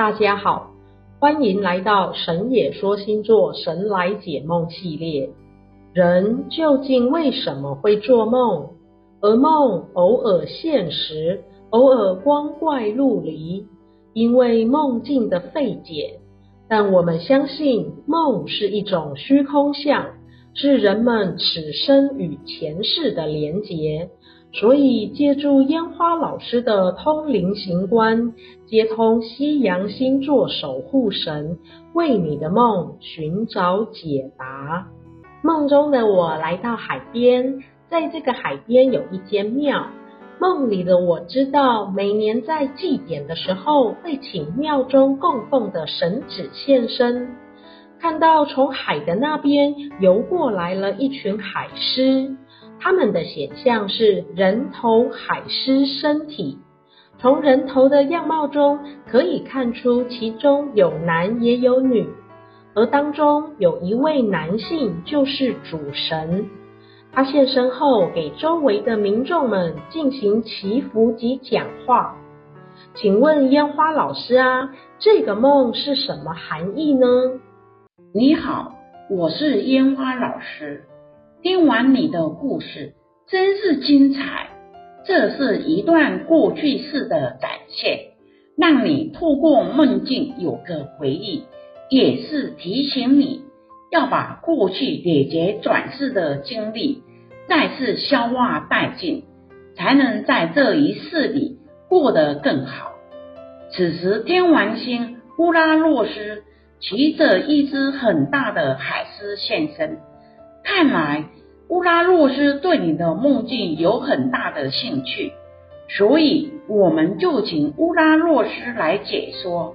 大家好，歡迎來到神野說星座、神來解夢系列。人究竟為什麼會做夢？而夢偶爾現實，偶爾光怪陸離，因為夢境的費解。但我們相信，夢是一種虛空相，是人們此生與前世的連結。所以，借助煙花老師的通靈行官，接通西洋星座守護神，為你的夢尋找解答。夢中的我來到海邊，在這個海邊有一間廟。夢裡的我知道，每年在祭典的時候，會請廟中供奉的神祇現身。看到從海的那邊游過來了一群海獅。他們的顯象是人頭海獅身體，從人頭的樣貌中可以看出其中有男也有女，而當中有一位男性就是主神，他現身後給周圍的民眾們進行祈福及講話。請問煙花老師啊，這個夢是什麼含義呢？你好，我是煙花老師。聽完你的故事，真是精彩。這是一段過去世的展現，讓你透過夢境有個回憶，也是提醒你要把過去累劫轉世的經歷再次消化殆盡，才能在這一世裡過得更好。此時天，天王星烏拉諾斯騎着一隻很大的海獅現身。看來烏拉諾斯對你的夢境有很大的興趣，所以我們就請烏拉諾斯來解說。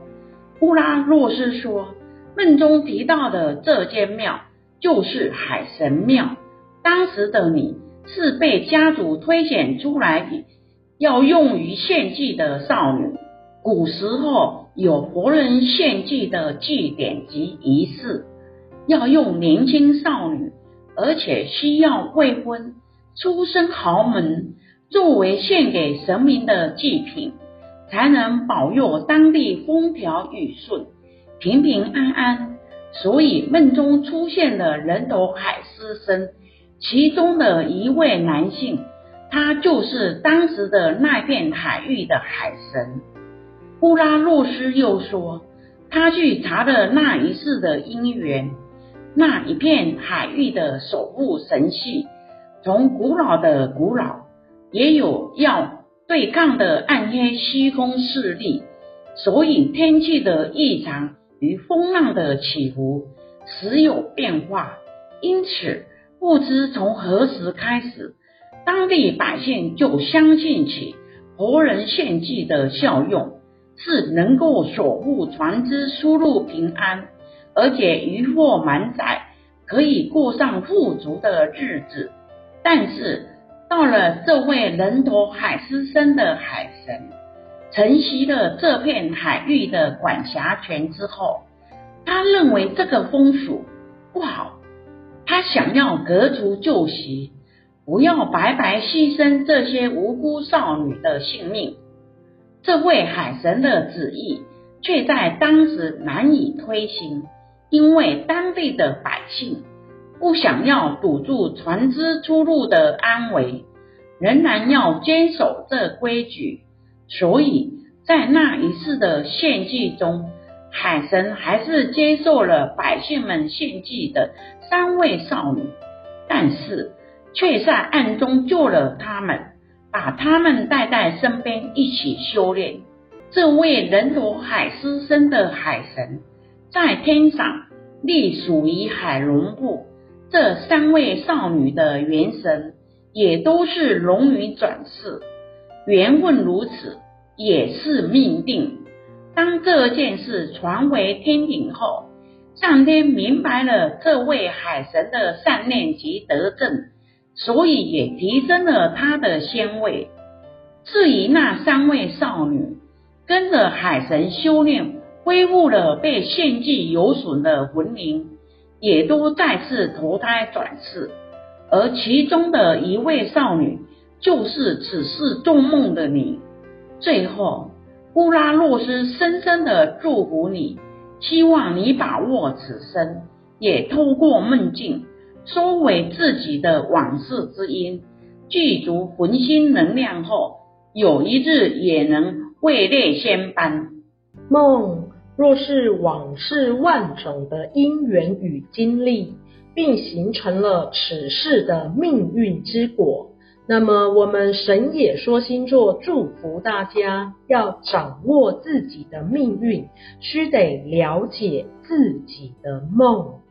烏拉諾斯說：“夢中提到的這間廟就是海神廟。當時的你是被家族推選出來的，要用於獻祭的少女。古時候有活人獻祭的祭典及儀式，要用年輕少女。”而且需要未婚、出身豪門作為獻給神明的祭品，才能保佑當地風調雨順、平平安安。所以夢中出現的人頭海獅身，其中的一位男性，他就是當時的那片海域的海神烏拉洛斯。又說，他去查了那一世的姻緣。那一片海域的守護神系，從古老的古老，也有要對抗的暗黑虛空勢力。所以天氣的異常與風浪的起伏時有變化，因此不知從何時開始，當地百姓就相信起活人獻祭的效用，是能夠守護船只出入平安。而且漁獲滿載，可以過上富足的日子。但是，到了這位人頭海獅身的海神承襲了這片海域的管轄權之後，他認為這個風俗不好，他想要革除舊習，不要白白犧牲這些無辜少女的性命。這位海神的旨意卻在當時難以推行。因為當地的百姓不想要堵住船隻出入的安危，仍然要堅守這規矩，所以在那一次的獻祭中，海神還是接受了百姓們獻祭的三位少女，但是卻在暗中救了他們，把他們帶在身邊一起修煉。這位人頭海獅身的海神。在天上，隸屬於海龍部。這三位少女的元神也都是龍女轉世。緣分如此，也是命定。當這件事傳回天庭後，上天明白了這位海神的善念及德政，所以也提升了他的仙位。至於那三位少女，跟着海神修煉。恢復了被獻祭有損的魂靈，也都再次投胎轉世。而其中的一位少女，就是此世做夢的你。最後，烏拉諾斯深深的祝福你，希望你把握此生，也透過夢境收回自己的往世之音，具足魂心能量後，有一日也能位列仙班。夢。若是往世萬種的因緣與經歷，並形成了此世的命運之果，那麼我們神野說星座祝福大家，要掌握自己的命運，須得了解自己的夢。